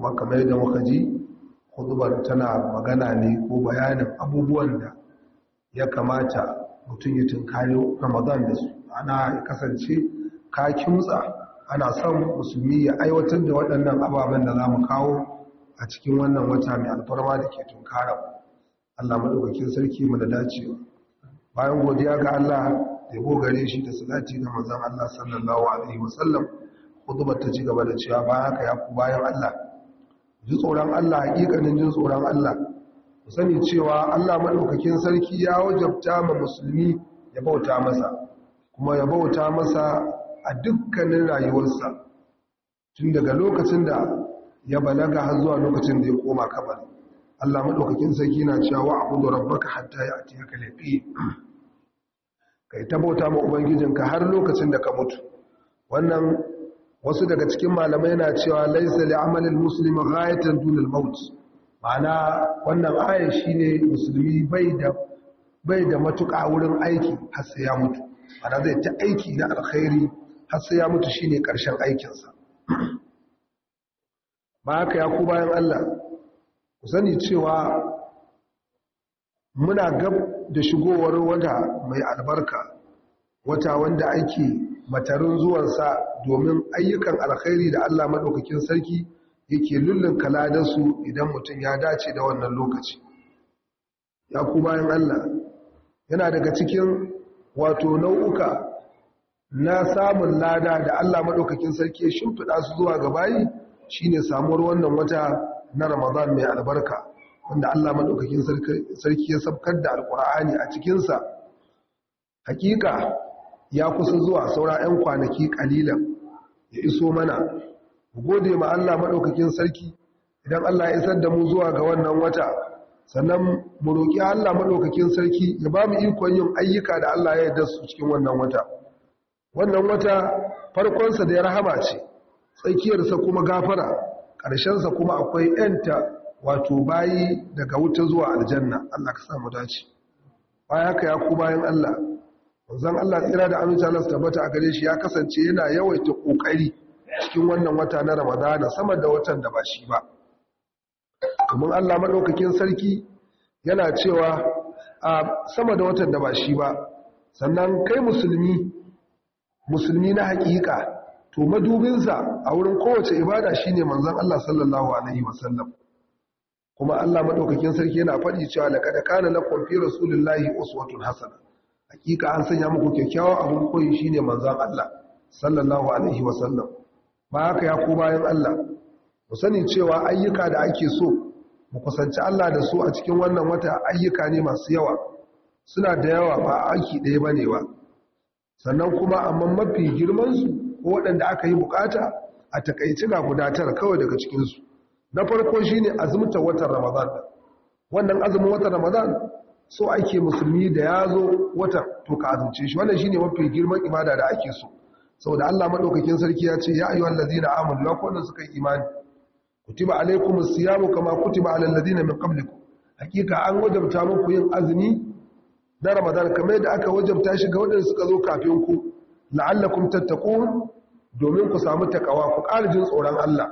kuma kamar yadda muka ji hudubar tana magana ne ko bayanin abubuwan da ya kamata mutum ya tunkari ramadan da su ana kasance ka kimtsa ana son musulmi ya aiwatar da waɗannan ababen da za mu kawo a cikin wannan wata mai alfarma da ke tunkara allah maɗaukakin sarki mu da dacewa bayan godiya ga allah da yabo gare shi da salati ga manzon allah sallallahu alaihi wasallam hudubar ta ci gaba da cewa bayan haka ya ku bayan allah ji tsoron Allah hakikanin jin tsoron Allah ku sani cewa Allah madaukakin sarki ya wajabta ma musulmi ya bauta masa kuma ya bauta masa a dukkanin rayuwarsa tun daga lokacin da ya balaga har zuwa lokacin da ya koma kabari Allah madaukakin sarki na cewa abudu rabbaka hatta ya'tiyaka yaqin kai ta bauta ma ubangijinka har lokacin da ka mutu wannan wasu daga cikin malamai na cewa laisa li amalin musulmi ghayatan dunal maut ma'ana wannan aya shine musulmi bai da bai da matuƙa wurin aiki har sai ya mutu ma'ana zai ta aiki na alkhairi har sai ya mutu shine karshen aikin sa ba haka ya ku bayan Allah ku sani cewa muna gab da shigowar wata mai albarka wata wanda ake matarin zuwansa domin ayyukan alkhairi da Allah maɗaukakin sarki yake lullun kaladansu idan mutum ya dace da wannan lokaci ya ku bayan Allah yana daga cikin wato nau'uka na samun lada da Allah maɗaukakin sarki ya shimfiɗa su zuwa ga bayi ne samuwar wannan wata na Ramadan mai albarka wanda Allah maɗaukakin sarki ya sabkar da Alƙura'ani a cikinsa hakika ya kusa zuwa saura 'yan kwanaki kalilan ya iso mana gode ma Allah maɗaukakin sarki idan Allah ya isar da mu zuwa ga wannan wata sannan mu roƙi Allah maɗaukakin sarki ya ba mu ikon yin ayyuka da Allah ya yarda su cikin wannan wata wannan wata farkonsa da ya rahama ce tsakiyarsa kuma gafara ƙarshensa kuma akwai ‘yanta wato bayi daga wuta zuwa aljanna Allah ka samu dace baya haka ya ku bayan Allah zan Allah tsira da aminci Allah tabbata a gare shi ya kasance yana yawaita kokari cikin wannan wata na Ramadana sama da watan da ba shi ba kamar Allah madaukakin sarki yana cewa a sama da watan da ba shi ba sannan kai musulmi musulmi na hakika to madubinsa a wurin kowace ibada shine manzon Allah sallallahu alaihi wasallam kuma Allah madaukakin sarki yana faɗi cewa laqad kana lakum fi rasulillahi uswatun hasanah hakika an sanya muku kyakkyawa abun koyi shine manzon Allah sallallahu alaihi wasallam ba haka ya ko bayan Allah ku sani cewa ayyuka da ake so mu kusanci Allah da su a cikin wannan wata ayyuka ne masu yawa suna da yawa ba aiki ɗaya bane ba sannan kuma amma mafi girman su ko waɗanda aka yi bukata a takaici ga gudatar kawai daga cikinsu. na farko shine azumta watan Ramadan wannan azumin watan Ramadan so ake musulmi da ya zo wata to ka azumce shi wannan shine mafi girman ibada da ake so saboda Allah madaukakin sarki ya ce ya ayyuhal ladina amanu la kullu suka imani kutiba alaikumus siyamu kama kutiba alal ladina min qablikum hakika an wajabta muku yin azumi na Ramadan kamar da aka wajabta shi ga wadanda suka zo kafin ku la'allakum tattaqun domin ku samu takawa ku ƙara jin tsoron Allah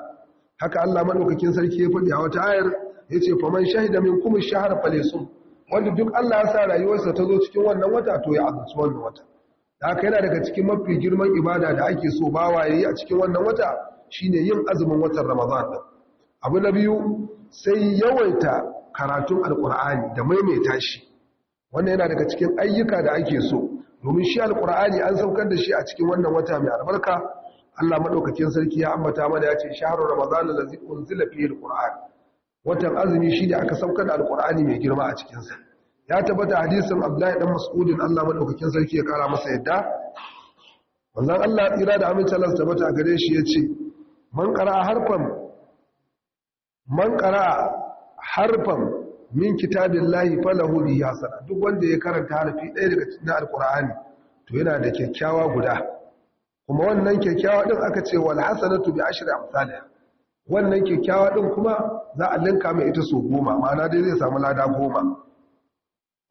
haka Allah madaukakin sarki ya faɗi a wata ayar yace faman shahida minkum ash-shahra falyasum wanda duk Allah ya sa rayuwarsa ta zo cikin wannan wata to ya azumci wannan wata da haka yana daga cikin mafi girman ibada da ake so ba bawa yi a cikin wannan wata shine yin azumin watan Ramadan din abu na biyu sai yawaita karatun alkur'ani da maimaita shi wannan yana daga cikin ayyuka da ake so domin shi alkur'ani an saukar da shi a cikin wannan wata mai albarka Allah madaukakin sarki ya ambata mana ya ce shahrul ramadan allazi unzila fihi alqur'an watan azumi shi ne aka sauka da alkur'ani mai girma a cikinsa ya tabbata hadisin abdullahi dan mas'udin allah madaukakin sarki ya kara masa yadda wannan allah tsira da aminci allah tabbata a gare shi ya ce man kara harfan man kara harfan min kitabillahi falahu bihi hasana duk wanda ya karanta harfi ɗaya daga cikin alkur'ani to yana da kyakkyawa guda kuma wannan kyakkyawa din aka ce wal hasanatu bi ashri amsalha wannan kyakkyawa ɗin kuma za a linka mai ita so goma ma'ana dai zai samu lada goma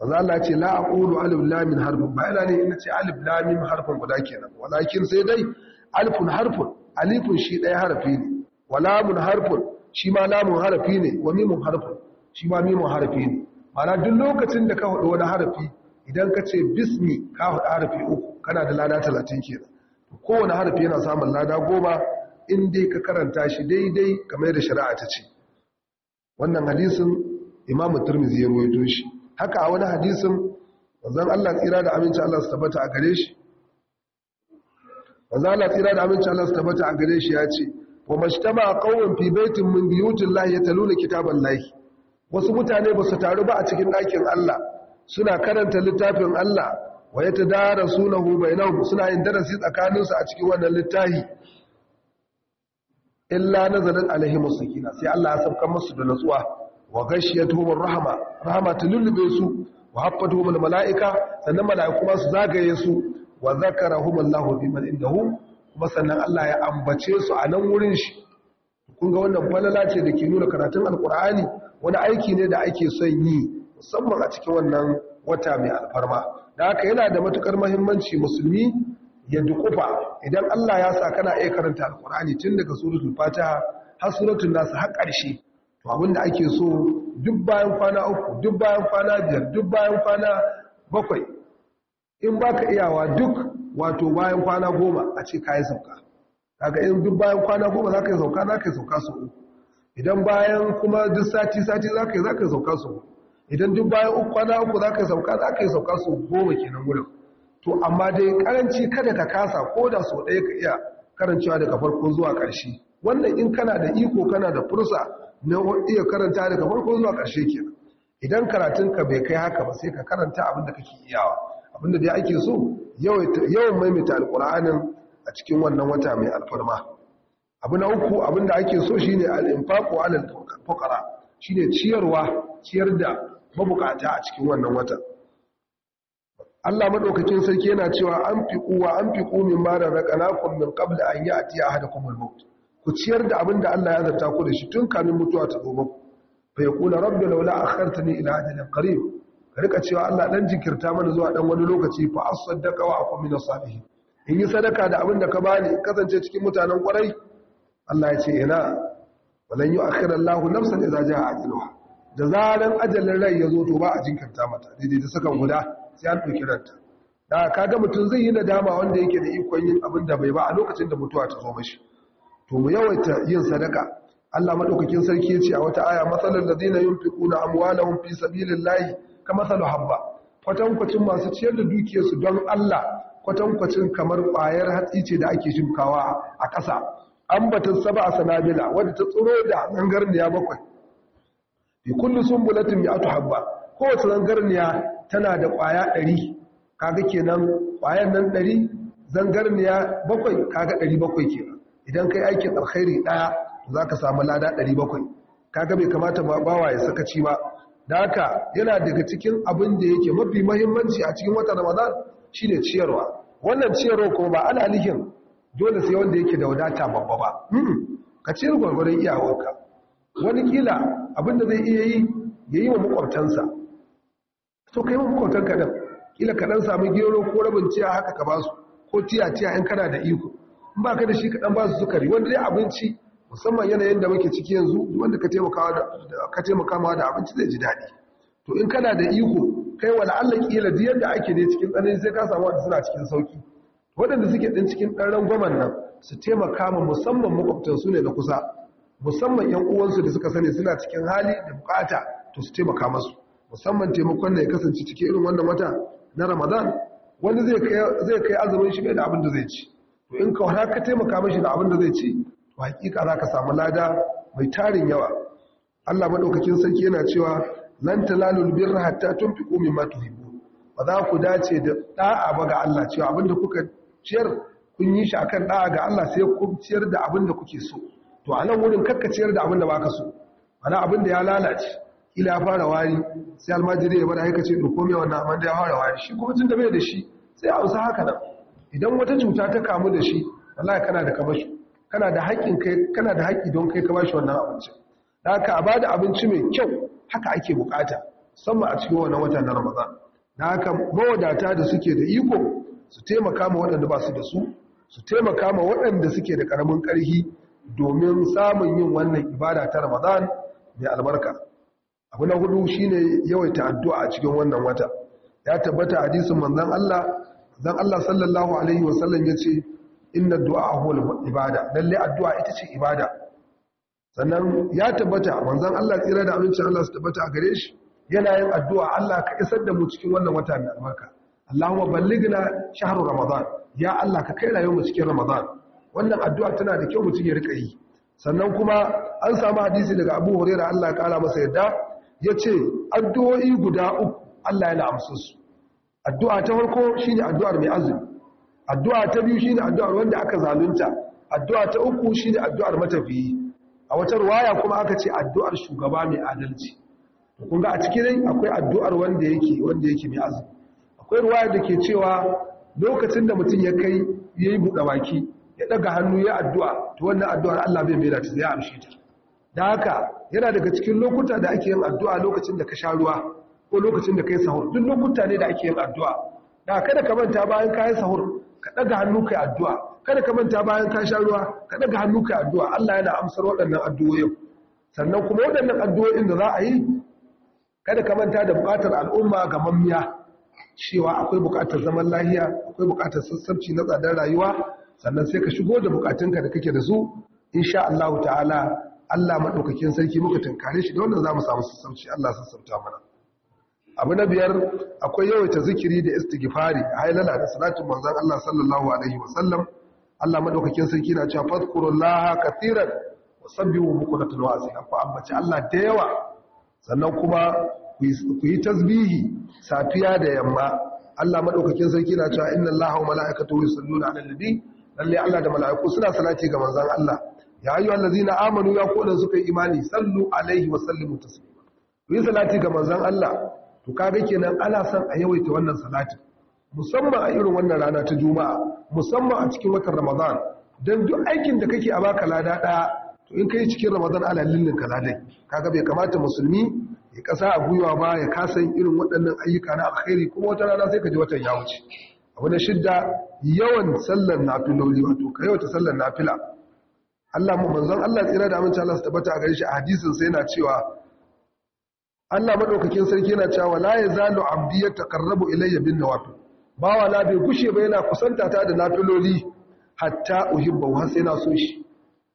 za Allah ce la aqulu alif lamin harfin harfun ba ne ina ce alif lamin harfin guda kenan walakin sai dai alifun harfin alifun shi ɗaya harfi ne walamun harfin shi ma lamun harfi ne wa mimun harfin shi ma mimun harfi ne ma'ana duk lokacin da ka haɗu wani harfi idan ka ce bismi ka haɗu harfi uku kana da lada talatin kenan kowane harfi yana samun lada goma in dai ka karanta shi daidai kamar da shari'a ta ce wannan hadisin imam turmizi ya ruwaito shi haka a wani hadisin manzon Allah tsira da aminci Allah su tabbata a gare shi manzon Allah tsira da aminci Allah su tabbata a gare shi ya ce wa mashtama qawmun fi baitin min biyutillahi yataluna lahi wasu mutane ba su taru ba a cikin ɗakin Allah suna karanta littafin Allah wa ya tadara sunahu bainahum suna yin darasi tsakaninsu a cikin wannan littafi illa nazarin alaihi sakina sai Allah ya saukar musu da natsuwa wa ghashiyatuhum rahama ta tululube su wa haffatuhum mala'ika, sannan malaiku ma su zagaye su wa zakarahum Allahu biman indahu kuma sannan Allah ya ambace su a nan wurin shi kun ga wannan falala ce da ke nuna karatun alkur'ani wani aiki ne da ake son yi musamman a cikin wannan wata mai alfarma da haka yana da matukar muhimmanci musulmi ya dukufa idan Allah ya sa kana iya karanta alkur'ani tun daga suratul fatiha har suratul nas har karshe to abin da ake so duk bayan kwana uku duk bayan kwana biyar duk bayan kwana bakwai in baka iyawa duk wato bayan kwana goma a ce kayi sauka kaga in duk bayan kwana goma za ka yi sauka zaka ka yi sauka so idan bayan kuma duk sati sati za ka yi zaka yi sauka so idan duk bayan kwana uku za ka yi sauka zaka ka yi sauka so goma kenan wurin to amma dai karanci kada ka kasa ko da so ɗaya ka iya karancewa daga farko zuwa ƙarshe wannan in kana da iko kana da fursa na iya karanta daga farko zuwa ƙarshe ke idan karatun ka bai kai haka ba sai ka karanta abin da kake iyawa abin da dai ake so yawan maimaita alƙur'anin a cikin wannan wata mai alfarma abu na uku abin da ake so shine al alal fuqara shine ciyarwa ciyar da mabukata a cikin wannan wata Allah madaukakin sarki yana cewa an fi uwa an fiku kumin mara raƙanakun min kabla an yi atiya ahadakum al-maut ku ciyar da abin da Allah ya zarta ku da shi tun kamin mutuwa ta zo muku fa kula rabbi laula ni ila ajalin qarib ka rika cewa Allah dan jinkirta mana zuwa dan wani lokaci fa a wa akun min salihin in yi sadaka da abin da ka bani kasance cikin mutanen kwarai Allah ya ce ina walan yu'akhkhir Allahu nafsan idza jaa ajaluha da zaran ajalin rai ya zo to ba a jinkirta mata daidai da sakan guda sai an ɗauki ranta da kaga mutum zai yi nadama wanda yake da ikon yin abin da bai ba a lokacin da mutuwa ta zo mashi to mu yawaita yin sadaka Allah madaukakin sarki ya ce a wata aya masalan ladina yunfiquna amwalahum fi sabilillahi kamathal habba kwatankwacin masu ciyar da dukiyarsu don Allah kwatankwacin kamar ƙwayar hatsi ce da ake shimkawa a ƙasa ambatan saba a sanabila wadda ta tsoro da zangarniya bakwai bi kullu sumbulatin mi'atu habba kowace zangarniya tana da ƙwaya ɗari kaga kenan ƙwayan nan ɗari zangarniya bakwai kaga ɗari bakwai kenan idan kai aikin alkhairi ɗaya za ka samu lada ɗari bakwai kaga bai kamata bawa ya sakaci ba da haka yana daga cikin abin da yake mafi mahimmanci a cikin watan ramadan ne ciyarwa wannan ciyarwa kuma ba ana alihin dole sai wanda yake da wadata babba ba hmm, ka ciyar gwargwaron iyawarka wani kila abin da zai iya yi ya yi wa makwabtansa so kai makwabtan kaɗan kila kaɗan samu gero ko rabin ciya haka ka basu ko ciya ciya in kana da iko in ba da shi kaɗan basu sukari wanda dai abinci musamman yanayin da muke ciki yanzu wanda ka taimaka ma da abinci zai ji daɗi to in kana da iko kai wala Allah kila da yadda ake ne cikin tsanani sai ka samu wanda suna cikin sauki waɗanda suke din cikin ɗan rangwamen nan su taimaka ma musamman su ne na kusa musamman ‘yan uwansu da suka sani suna cikin hali da bukata to su taimaka masu musamman taimakon na ya kasance cikin irin wannan wata na ramadan wani zai kai azumin shi bai da abin da zai ci to in ka ka taimaka mashi da abin da zai ci to hakika za ka samu lada mai tarin yawa allah maɗaukakin sarki yana cewa lan talalul birra hatta tunfiqu mimma tuhibbu ba za ku dace da da'a ba ga Allah cewa abin da kuka ciyar kun yi shi akan da'a ga Allah sai ku ciyar da abin da kuke so to a nan wurin kakka ciyar da da baka so ana da ya lalace ila ya fara wari sai almajiri ya bada aika ce ɗauko mai wannan amma da ya fara wari shi kuma tun da bai da shi sai a wasu haka nan idan wata cuta ta kamu da shi wallahi kana da kabashi kana da haƙƙin kai kana da haƙƙi don kai kabashi wannan abinci da haka a bada abinci mai kyau haka ake bukata musamman a cikin wannan watan na ramadan da haka mawadata da suke da iko su taimaka ma waɗanda ba su da su su taimaka ma waɗanda suke da ƙaramin ƙarfi domin samun yin wannan ibada ta ramadan mai albarka abu na hudu ne yawaita addu'a a cikin wannan wata ya tabbata hadisin manzan Allah zan Allah sallallahu alaihi wasallam yace inna du'a huwal ibada lalle addu'a ita ce ibada sannan ya tabbata manzan Allah tsira da amincin Allah su tabbata a gare shi yana yin addu'a Allah ka isar da mu cikin wannan wata mai albarka Allahumma ballighna shahru ramadan ya Allah ka kai rayuwar mu cikin ramadan wannan addu'a tana da kyau mutum ya rika yi sannan kuma an samu hadisi daga Abu Hurairah Allah ya kara masa yadda ya ce addu'o'i guda uku Allah na amsa su addu'a ta farko shine addu'ar mai azumi addu'a ta biyu shine addu'ar wanda aka zalunta addu'a ta uku shine addu'ar matafiyi a wata ruwaya kuma aka ce addu'ar shugaba mai adalci kun ga a cikin akwai addu'ar wanda yake wanda yake mai azumi akwai ruwaya da ke cewa lokacin da mutum ya kai yayi buɗe baki ya ɗaga hannu ya addu'a to wannan addu'ar Allah bai mai da ta zai amshi ta da haka yana daga cikin lokuta da ake yin addu'a lokacin da ka sha ruwa ko lokacin da ka yi sahur duk lokuta ne da ake yin addu'a da kada ka manta bayan ka yi sahur ka ɗaga hannu ka addu'a kada ka manta bayan ka sha ruwa ka ɗaga hannu ka yi addu'a Allah yana amsar waɗannan addu'o'in sannan kuma waɗannan addu'o'in da za a yi kada ka manta da buƙatar al'umma ga mamiya, cewa akwai buƙatar zaman lahiya akwai buƙatar sassabci na tsadar rayuwa sannan sai ka shigo da buƙatunka da kake da su insha Allah ta'ala Allah maɗaukakin sarki muka tunkare shi da wannan za mu samu sassauci Allah sassauta mana abu na biyar akwai yawaita zikiri da istighfari hailala da salatin manzan Allah sallallahu alaihi wasallam Allah maɗaukakin sarki na cewa laha katiran wa sabbi wa asila ku ambaci Allah da yawa sannan kuma ku yi tasbihi safiya da yamma Allah maɗaukakin sarki na cewa inna Allah wa mala'ikatu yusalluna 'alan nabi lalle Allah da mala'iku suna salati ga manzan Allah ya ayyu allazina amanu ya dan suka yi imani sallu alaihi wa sallimu taslima to yi salati ga manzon Allah to kaga kenan ana son a yawaita wannan salati musamman a irin wannan rana ta juma'a musamman a cikin watan ramadan dan duk aikin da kake a baka lada daya to in kai cikin ramadan ala lillin ka kaga bai kamata musulmi ya kasa a gwiwa ba ya kasa irin waɗannan ayyuka na alkhairi kuma wata rana sai ka ji watan ya wuce abu na shidda yawan sallar nafiloli wato ka yawaita sallar nafila Allah mu manzon Allah tsira da aminci Allah su tabbata a gare shi a hadisin sai yana cewa Allah madaukakin sarki yana cewa la yazalu abdi yataqarrabu ilayya bin nawafil bawa la bai gushe ba yana kusanta ta da nafiloli hatta uhibbu har sai na so shi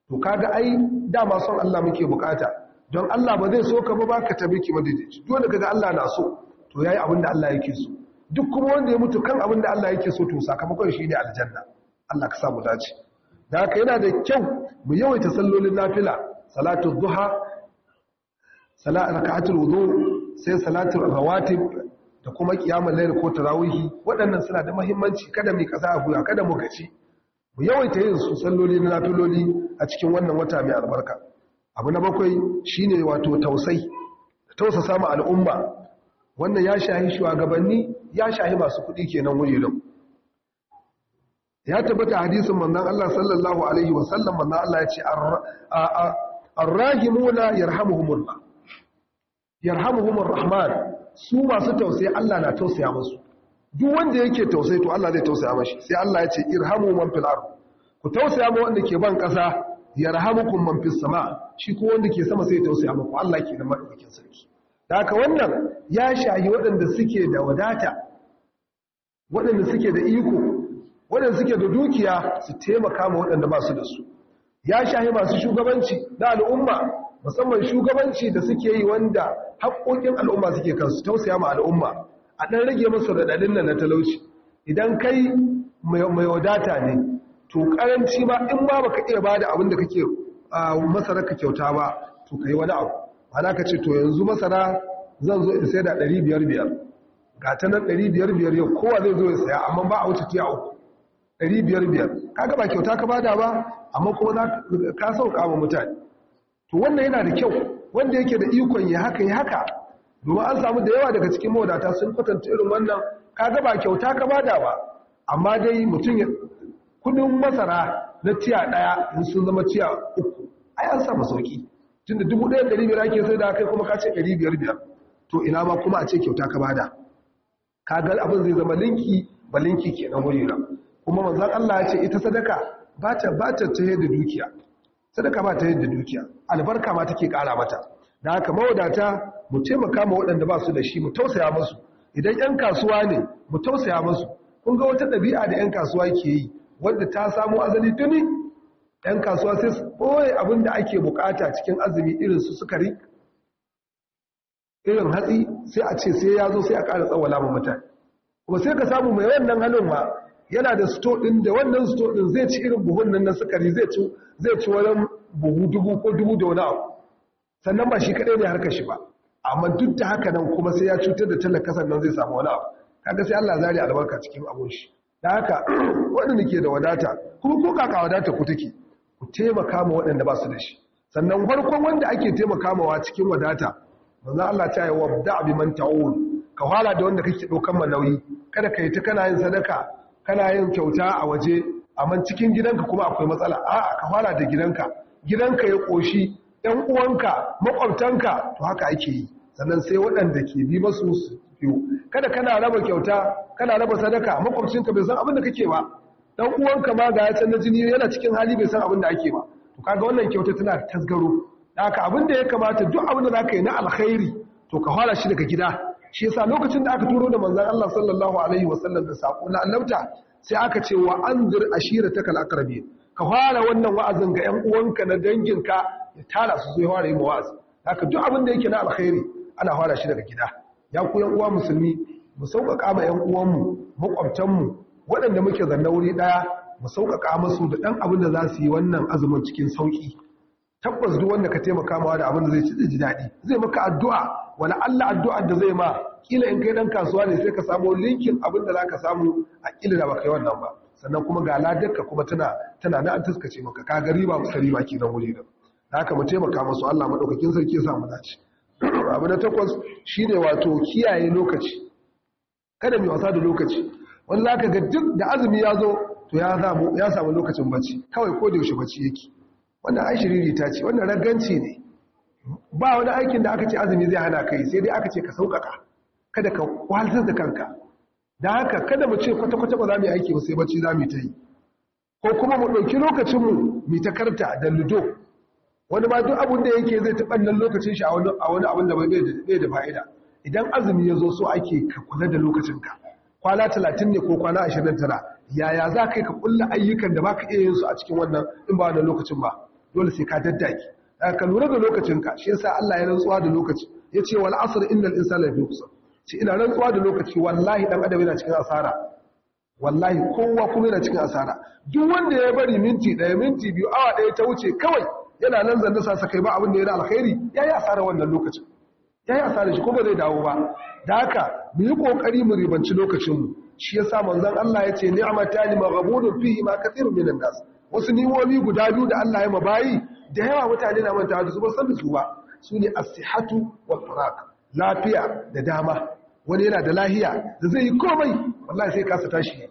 to kaga ai dama son Allah muke bukata don Allah ba zai so ka ba baka tabi ki madidici dole kaga Allah na so to yayi abin da Allah yake so duk kuma wanda ya mutu kan abin da Allah yake so to sakamakon shi ne aljanna Allah ka sa mu dace da haka yana da kyau mu yawaita sallolin lafila salatu duha salatu raka'atul wudu sai salatu rawatib da kuma kiyamul layl ko tarawihi waɗannan suna da muhimmanci kada mu kasa a guya kada mu gaci mu yawaita yin su salloli na a cikin wannan wata mai albarka abu na bakwai shine wato tausai tausa sama al'umma wannan ya shahi shugabanni ya shahi masu kuɗi kenan wuri don ya tabbata hadisin manzon Allah sallallahu alaihi wa sallam manzon Allah ya ce arrahimuna yarhamuhumullah yarhamuhumur rahman su masu tausayi Allah na tausaya musu duk wanda yake tausayi to Allah zai tausaya mashi sai Allah ya ce irhamu man fil ard ku tausaya ma wanda ke ban kasa yarhamukum man fis sama shi ko wanda ke sama sai tausaya muku Allah ke da madaukakin sarki da haka wannan ya shayi waɗanda suke da wadata waɗanda suke da iko waɗanda suke da dukiya su taimaka ma waɗanda ba su da su ya shahi masu shugabanci na al'umma musamman shugabanci da suke yi wanda haƙoƙin al'umma suke kansu tausaya ma al'umma a ɗan rage masu raɗaɗin nan na talauci idan kai mai wadata ne to ƙaranci ma in ba ka iya ba da abin da kake masara ka kyauta ba to ka yi wani abu ana ka ce to yanzu masara zan zo in sai da ɗari biyar biyar ga ta nan ɗari biyar biyar yau kowa zai zo ya saya amma ba a wuce tiya 500 kaga ba kyauta ka bada ba amma kuma za ka sauka wa mutane to wannan yana da kyau wanda yake da ikon ya haka ya haka domin an samu da yawa daga cikin mawadata sun kwatanta irin wannan kaga ba kyauta ka bada ba amma dai mutum ya kudin masara na tiya daya in sun zama tiya uku ai an samu sauki tunda 1500 ake sai da kai kuma ka ce biyar-biyar to ina ma kuma a ce kyauta ka bada kaga abin zai zama linki ba linki kenan na. kuma manzan Allah ya ce ita sadaka ba ta ba ta yadda dukiya sadaka ba ta yadda dukiya albarka ma take kara mata da haka mawadata mu taimaka ma waɗanda ba su da shi mu tausaya musu idan 'yan kasuwa ne mu tausaya musu kun ga wata ɗabi'a da 'yan kasuwa ke yi wanda ta samo azali tuni 'yan kasuwa sai su abin da ake bukata cikin azumi irin su sukari irin hatsi sai a ce sai ya zo sai a kara tsawala ma mutane kuma sai ka samu mai wannan halin ma yana da sto ɗin da wannan sto ɗin zai ci irin buhun nan na sukari zai ci zai ci wani buhu dubu ko dubu da wani abu sannan ba shi kaɗai ne harka shi ba amma duk da haka nan kuma sai ya cutar da talaka sannan zai samu wani abu kaga sai Allah zari albarka cikin abun shi da haka waɗanda ke da wadata kuma ko kaka wadata ku take ku taimaka ma waɗanda ba su da shi sannan farkon wanda ake taimaka mawa cikin wadata manzo Allah ta yi wabda bi man ta'ul ka hala da wanda kake ɗaukar ma nauyi kada ka yi ta kana yin sadaka kana yin kyauta a waje amma cikin gidanka kuma akwai matsala a ka fara da gidanka gidanka ya koshi ɗan uwanka makwabtanka to haka ake yi sannan sai waɗanda ke bi masu su kada kana raba kyauta kana raba sadaka makwabcinka bai san abin da kake ba Ɗan uwanka ma ga ya na jini yana cikin hali bai san abin da ake ba to kaga wannan kyauta tana tasgaro da haka abin da ya kamata duk abin da zaka yi na alkhairi to ka fara shi daga gida shi yasa lokacin da aka turo da manzon Allah sallallahu alaihi wasallam da sako na annabta sai aka ce wa anzir ashiratakal aqrabi ka fara wannan wa'azin ga ƴan uwanka na danginka ya tara su zai fara yi wa'azi haka duk abin da yake na alkhairi ana fara shi daga gida ya ku ƴan uwa musulmi mu sauƙaƙa ma ƴan makwabtan mu waɗanda muke zanna wuri daya mu sauƙaƙa musu da dan abin da za su yi wannan azumin cikin sauki tabbas duk wanda ka taimaka mawa da abin da zai ci ji daɗi zai maka addu'a Wani Allah addu'ar da zai ma kila in kai ɗan kasuwa ne sai ka samu linkin abin da za ka samu a kila da baka yi wannan ba sannan kuma ga ladarka kuma tana tana na an taskace maka ka gari ba musari ba kenan wuri da haka mu taimaka masu Allah maɗaukakin sarki ya samu dace abu na takwas shine wato kiyaye lokaci kada mai wasa da lokaci wani ka ga duk da azumi ya zo to ya samu lokacin bacci kawai ko da yaushe bacci yake wannan ai shiriri ta ce wannan raganci ne ba wani aikin da aka ce azumi zai hana kai sai dai aka ce ka sauƙaƙa kada ka kwalzar da kanka da haka kada mu ce kwata-kwata ba za mu yi aiki ba sai bacci za mu ta yi ko kuma mu ɗauki lokacinmu mu ta karta da ludo wani ma duk abin da yake zai taɓa nan lokacin shi a wani abin da bai da fa'ida idan azumi ya zo so ake ka kula da lokacinka kwana talatin ne ko kwana ashirin tara yaya za ka yi ka kulla ayyukan da ba ka iya yin su a cikin wannan in ba wannan lokacin ba dole sai ka daddaki Eh, ka lura da lokacinka shi yasa Allah ya rantsuwa da lokaci yace wal asr innal insana fi khusr shi ina rantsuwa da lokaci wallahi dan adam yana cikin asara wallahi kowa kuma yana cikin asara duk wanda ya bari minti daya minti biyu awa daya ta wuce kawai yana nan zanda sa sakai ba abin da yana alkhairi yayi asara wannan lokacin yayi asara shi kuma zai dawo ba da haka mu yi kokari mu ribanci lokacin mu shi yasa manzon Allah yace ni'matani maghbunun fihi ma kathirun minan nas wasu ni'imomi guda biyu da Allah ya mabayi da yawa mutane na manta da su ba san su ba su ne asihatu wa wal lafiya da dama wani yana da lahiya da zai yi komai wallahi sai kasa tashi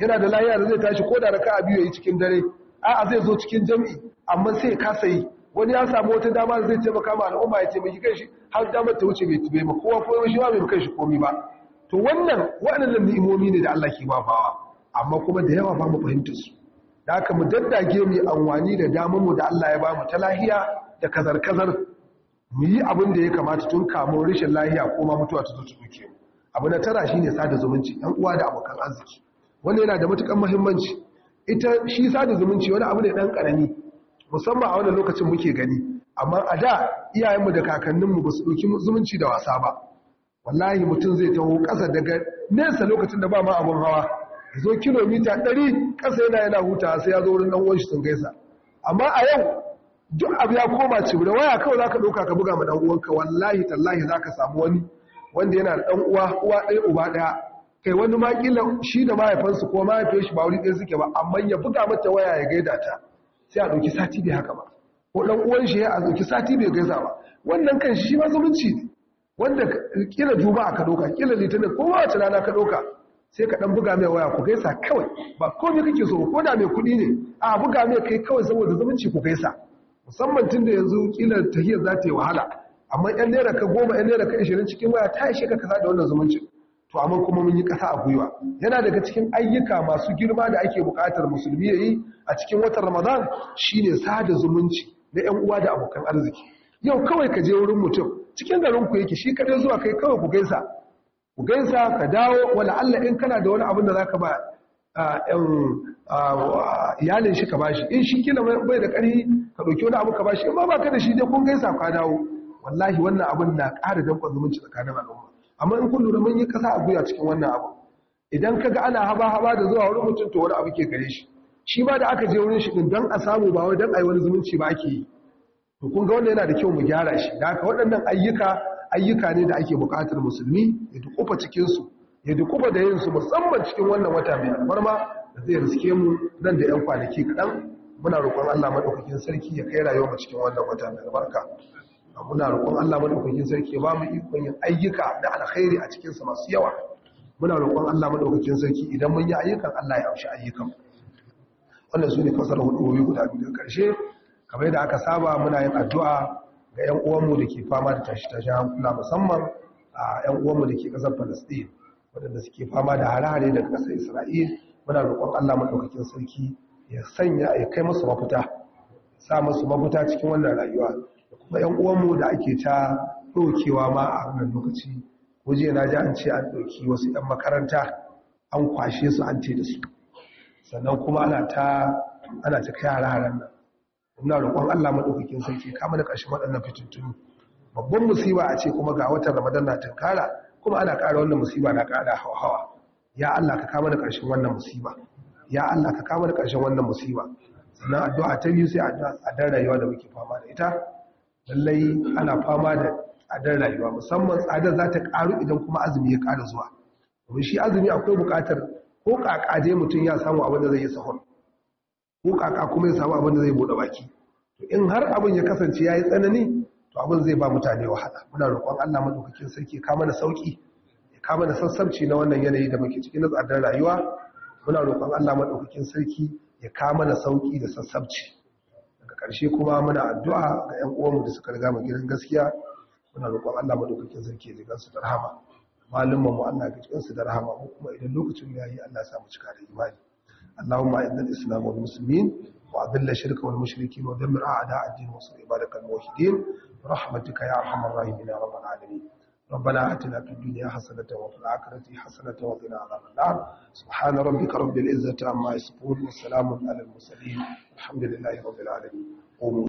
yana da lahiya da zai tashi ko da a biyu yi cikin dare a'a zai zo cikin jami'i amma sai kasa yi wani ya samu wata dama da zai taimaka ma al'umma ya taimaki kanshi har damar ta wuce bai tube ma kowa ko shi ba mai kanshi komai ba to wannan waɗannan ni'imomi ne da Allah ke ba bawa amma kuma da yawa ba mu fahimtar su da aka mu daddage mu anwani da damar mu da Allah ya bamu ta lahiya da kazar-kazar mu yi abin da ya kamata tun kamo rashin lahiya ko ma mutuwa ta zo ta duke abu na tara shine sada zumunci ɗan uwa da abokan arziki wannan yana da matukar muhimmanci ita shi sada zumunci wani abu ne dan karami musamman a wannan lokacin muke gani amma a da iyayenmu da kakanninmu ba su ɗauki zumunci da wasa ba wallahi mutum zai taho kasa daga nesa lokacin da ba ma abun hawa zo kilomita 100 ƙasa yana yana huta sai ya zo wurin ɗan uwan sun gaisa amma a yau duk abu ya koma ci da waya kawai zaka ɗauka ka buga ma ɗan uwanka wallahi tallahi zaka samu wani wanda yana da ɗan uwa uwa ɗaya uba ɗaya kai wani ma kila shi da mahaifansu ko mahaifin shi ba wuri ɗaya suke ba amma ya buga mata waya ya gaida ta sai a ɗauki sati bai haka ba ko ɗan uwan shi ya ɗauki sati bai gaisa ba wannan kan shi ma zumunci ne wanda kila juma'a ka ɗauka kila litinin kowace rana ka ɗauka sai ka dan buga mai waya ku gaisa kawai ba komai kake so ko da mai kuɗi ne a buga mai kai kawai saboda zumunci ku gaisa musamman tun da yanzu kila tahiyar za ta yi wahala amma yan naira ka goma yan naira ka ishirin cikin waya ta ishe ka kasa da wannan zumuncin to amma kuma mun yi kasa a gwiwa yana daga cikin ayyuka masu girma da ake buƙatar musulmi ya yi a cikin watan ramadan shine sada zumunci na yan uwa da abokan arziki yau kawai ka je wurin mutum cikin garin ku yake shi kadai zuwa kai kawai ku gaisa ku gaisa ka dawo wala Allah in kana da wani abin da zaka ba iyalin shi ka bashi in shi kila bai da ƙarfi ka ɗauki wani abu ka bashi in ma ba ka da shi dai kun gaisa ka dawo wallahi wannan abin na ƙara danƙon zumunci tsakanin al'umma amma in kun lura mun yi kasa a guya cikin wannan abu idan ka ga ana haba-haba da zuwa wurin mutum to wani abu ke gare shi shi ba da aka je wurin shi din don a samu ba wai don a yi wani zumunci ba ake yi kun ga wannan yana da kyau mu gyara shi da haka waɗannan ayyuka ayyuka ne da ake buƙatar musulmi ya dukufa cikinsu ya dukufa da yinsu musamman cikin wannan wata mai alfarma da zai riske mu nan da 'yan kwanaki kaɗan muna roƙon Allah maɗaukakin sarki ya kai rayuwa cikin wannan wata mai albarka muna roƙon Allah maɗaukakin sarki ya ba mu ikon yin ayyuka da alkhairi a cikinsa masu yawa muna roƙon Allah maɗaukakin sarki idan mun yi ayyukan Allah ya amshi ayyukan wannan su ne fasar hudu guda biyu da kamar yadda aka saba muna yin addu'a ga 'yan uwanmu da ke fama da tashi-tashi hankula musamman a 'yan uwanmu da ke ƙasar palestine waɗanda suke fama da hare-hare daga ƙasar isra'il muna roƙon allah maɗaukakin sarki ya sanya ya kai musu mafita sa masu mafita cikin wannan rayuwa da kuma 'yan uwanmu da ake ta ɗaukewa ma a wannan lokaci ko jiya na ji an ce an ɗauki wasu 'yan makaranta an kwashe su an ce da su sannan kuma ana ta kai hare-haren nan ina roƙon Allah maɗaukakin sarki kama da ƙarshen waɗannan fitintunu babban musiba a ce kuma ga watan Ramadan na tunkara kuma ana ƙara wannan musiba na ƙara hawa ya Allah ka kama da ƙarshen wannan musiba ya Allah ka kama da ƙarshen wannan musiba sannan addu'a ta biyu sai a dan rayuwa da muke fama da ita lallai ana fama da tsadar rayuwa musamman tsadar za ta ƙaru idan kuma azumi ya ƙara zuwa domin shi azumi akwai buƙatar ko ƙaƙaje mutum ya samu abin da zai yi sahur ko kuma ya samu abin da zai bude baki in har abin ya kasance ya yi tsanani to abin zai ba mutane wahala muna roƙon Allah madaukakin sarki ka mana sauki ya ka mana sassabci na wannan yanayi da muke cikin tsadar rayuwa muna roƙon Allah madaukakin sarki ya ka mana sauki da sassabci daga ƙarshe kuma muna addu'a ga ƴan mu da suka riga mu gidan gaskiya muna roƙon Allah madaukakin sarki ya ji gansu da rahama malumman mu Allah ya jiga su da rahama kuma idan lokacin yayi Allah ya sa mu cika da imani اللهم أعز الإسلام والمسلمين وأذل الشرك والمشركين ودمر أعداء الدين وصل عبادك الموحدين برحمتك يا أرحم الراحمين يا رب العالمين ربنا آتنا في الدنيا حسنة وفي الآخرة حسنة وقنا عذاب النار سبحان ربك رب العزة عما يصفون وسلام على المرسلين الحمد لله رب العالمين